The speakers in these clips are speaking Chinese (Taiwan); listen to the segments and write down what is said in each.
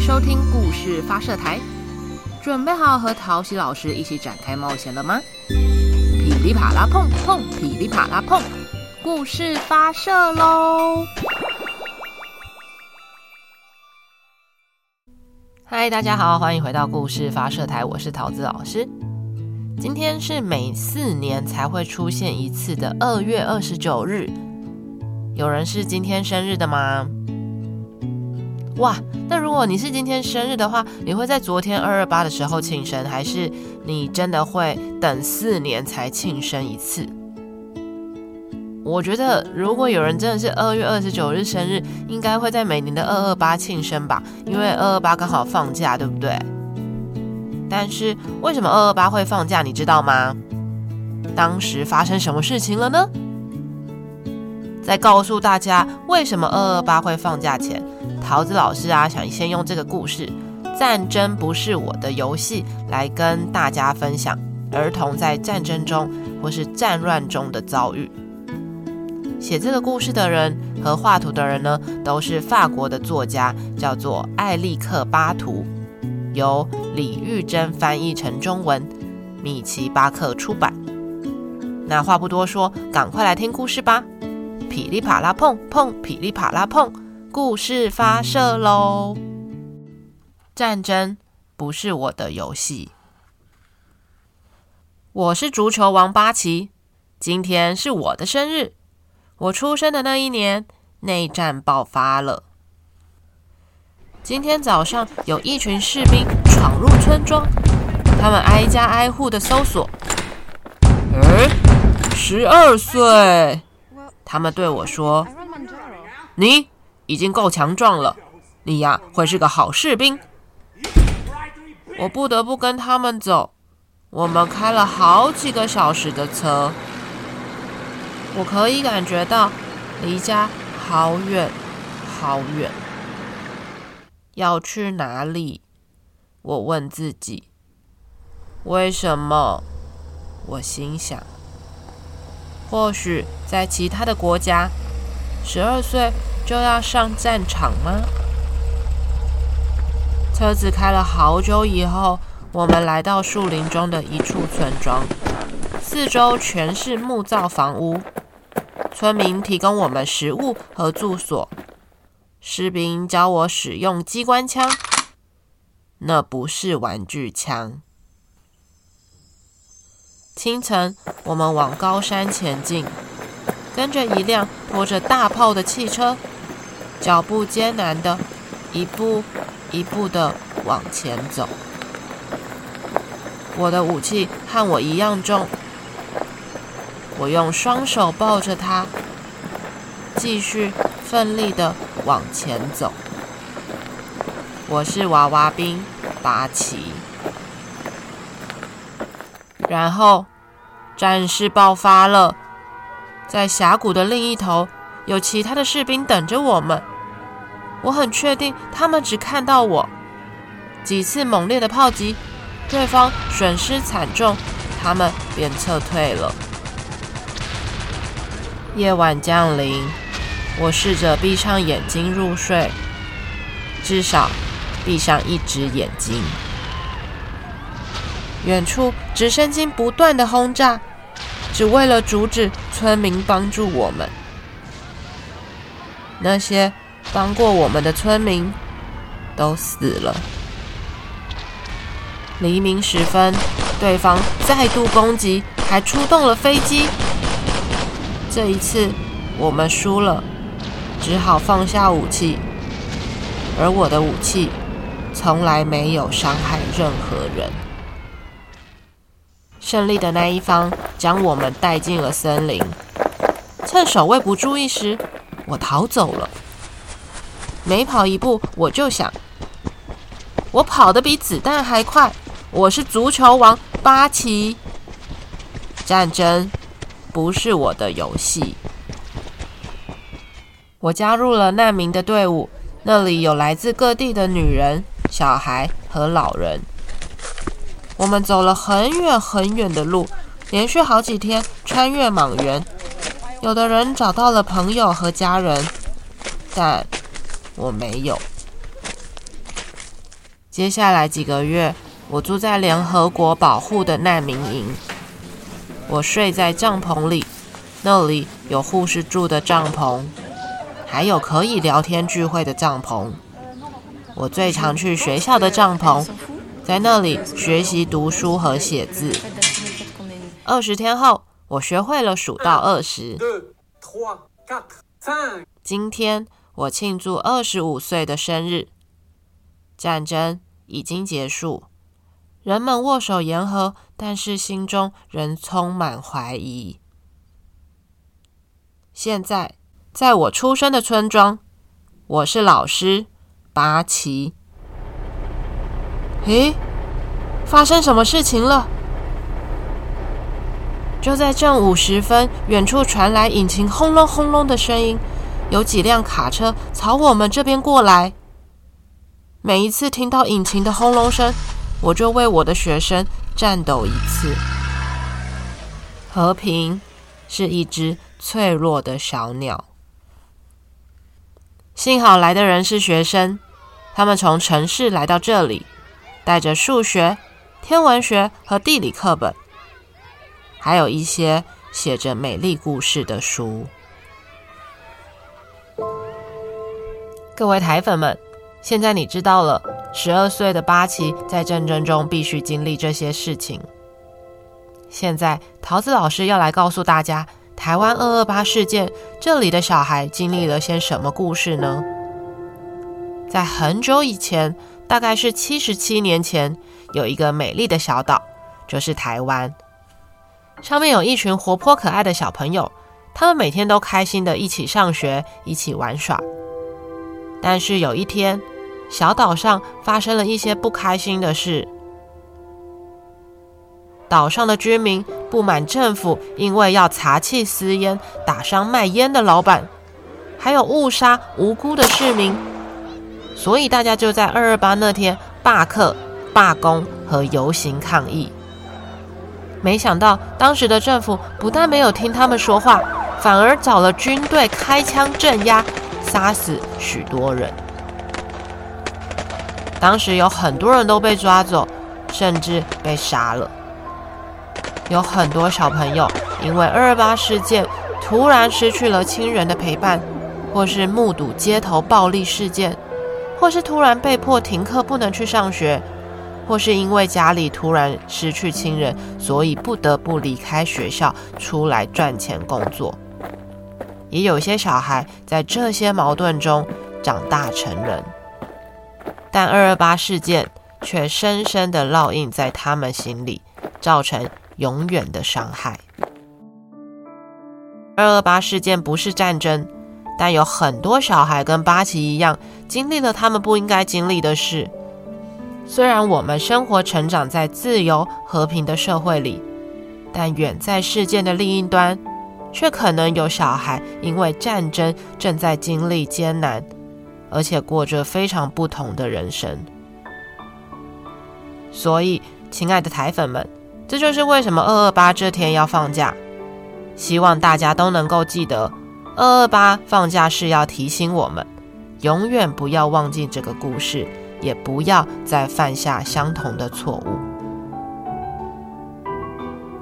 收聽故事發射台，準備好和陶喜老師一起展開冒險了嗎？噼里啪啦碰碰，噼里啪啦碰，故事發射嘍！嗨，大家好，歡迎回到故事發射台，我是桃子老師。今天是每四年才會出現一次的二月二十九日，有人是今天生日的嗎？哇，那如果你是今天生日的話，你會在昨天二二八的時候慶生，還是你真的會等四年才慶生一次？我覺得，如果有人真的是二月二十九日生日，應該會在每年的二二八慶生吧，因為二二八剛好放假，對不對？但是為什麼二二八會放假，你知道嗎？當時發生什麼事情了呢？再告訴大家為什麼二二八會放假前。桃子老師啊，想先用這個故事《戰爭不是我的遊戲》來跟大家分享兒童在戰爭中或是戰亂中的遭遇。寫這個故事的人和畫圖的人呢，都是法國的作家，叫做艾立克巴圖，由李毓真翻譯成中文，米奇巴克出版。那話不多說，趕快來聽故事吧！噼里啪啦碰碰，噼里啪啦碰。故事發射嘍！戰爭不是我的遊戲。我是足球王巴奇。今天是我的生日。我出生的那一年，內戰爆發了。今天早上，有一群士兵闖入村莊，他們挨家挨戶的搜索。誒，十二歲。他們對我說：“你。”已經夠強壯了，你呀、啊、會是個好士兵。我不得不跟他們走。我們開了好幾個小時的車。我可以感覺到離家好遠好遠。要去哪裡？我問自己。為什麼？我心想。或許在其他的國家，十二歲，就要上戰場嗎？車子開了好久以後，我們來到樹林中的一處村莊，四周全是木造房屋。村民提供我們食物和住所。士兵教我使用機關槍，那不是玩具槍。清晨，我們往高山前進，跟着一輛拖着大炮的汽車。腳步艱難地，一步一步地往前走。我的武器和我一樣重，我用雙手抱着它，繼續奮力地往前走。我是娃娃兵巴奇。然後，戰事爆發了，在峽谷的另一頭，有其他的士兵等着我們。我很確定，他們只看到我幾次猛烈的炮擊，對方損失慘重，他們便撤退了。夜晚降臨，我試着閉上眼睛入睡，至少閉上一隻眼睛。遠處直升機不斷的轟炸，只為了阻止村民幫助我們。那些。幫過我們的村民都死了。黎明時分，對方再度攻擊，還出動了飛機。這一次我們輸了，只好放下武器。而我的武器從來沒有傷害任何人。勝利的那一方將我們帶進了森林。趁守衛不注意時，我逃走了。每跑一步，我就想，我跑得比子彈還快。我是足球王巴奇，戰爭不是我的遊戲。我加入了難民的隊伍，那裡有來自各地的女人、小孩和老人。我們走了很遠很遠的路，連續好幾天穿越莽原。有的人找到了朋友和家人，但……我沒有。接下來幾個月，我住在聯合國保護的難民營。我睡在帳篷裡，那裡有護士住的帳篷，還有可以聊天聚會的帳篷。我最常去學校的帳篷，在那裡學習讀書和寫字。二十天後，我學會了數到二十。今天。我慶祝二十五歲的生日，戰爭已經結束，人們握手言和，但是心中仍充滿懷疑。現在，在我出生的村莊，我是老師，巴奇。誒，發生什麼事情了？就在正午時分，遠處傳來引擎轟隆轟隆的聲音。有幾輛卡車朝我們這邊過來。每一次聽到引擎的轟隆聲，我就為我的學生顫抖一次。和平是一隻脆弱的小鳥。幸好來的人是學生，他們從城市來到這裡，帶着數學、天文學和地理課本，還有一些寫着美麗故事的書。各位台粉們，現在你知道了，十二歲的巴奇在戰爭中必須經歷這些事情。現在桃子老師要來告訴大家，台灣二二八事件這裡的小孩經歷了些什麼故事呢？在很久以前，大概是七十七年前，有一個美麗的小島，就是台灣，上面有一群活潑可愛的小朋友，他們每天都開心地一起上學，一起玩耍。但是有一天，小島上發生了一些不開心的事。島上的居民不滿政府，因為要查禁私菸，打傷賣菸的老板，還有誤殺無辜的市民，所以大家就在二二八那天罷課、罷工和遊行抗議。沒想到當時的政府不但沒有聽他們說話，反而找了軍隊開槍鎮壓。殺死許多人，當時有很多人都被抓走，甚至被殺了。有很多小朋友因為二二八事件突然失去了親人的陪伴，或是目睹街頭暴力事件，或是突然被迫停課不能去上學，或是因為家裡突然失去親人，所以不得不離開學校出來賺錢工作。也有些小孩在這些矛盾中長大成人，但二二八事件卻深深地烙印在他們心裡，造成永遠的傷害。二二八事件不是戰爭，但有很多小孩跟巴奇一樣，經歷了他們不應該經歷的事。雖然我們生活成長在自由和平的社會裡，但遠在世界的另一端。卻可能有小孩因為戰爭正在經歷艱難，而且過着非常不同的人生。所以，親愛的台粉們，這就是為什麼二二八這天要放假。希望大家都能夠記得，二二八放假是要提醒我們，永遠不要忘記這個故事，也不要再犯下相同的錯誤。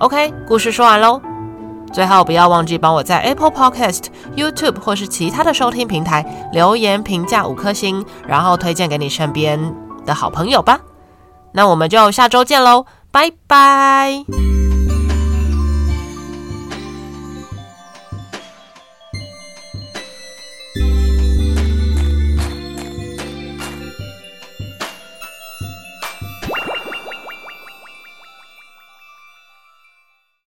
OK，故事說完嘍。最後，不要忘記幫我在 Apple Podcast、YouTube 或是其他的收聽平台留言評價五顆星，然後推薦給你身邊的好朋友吧。那我們就下週見嘍，拜拜。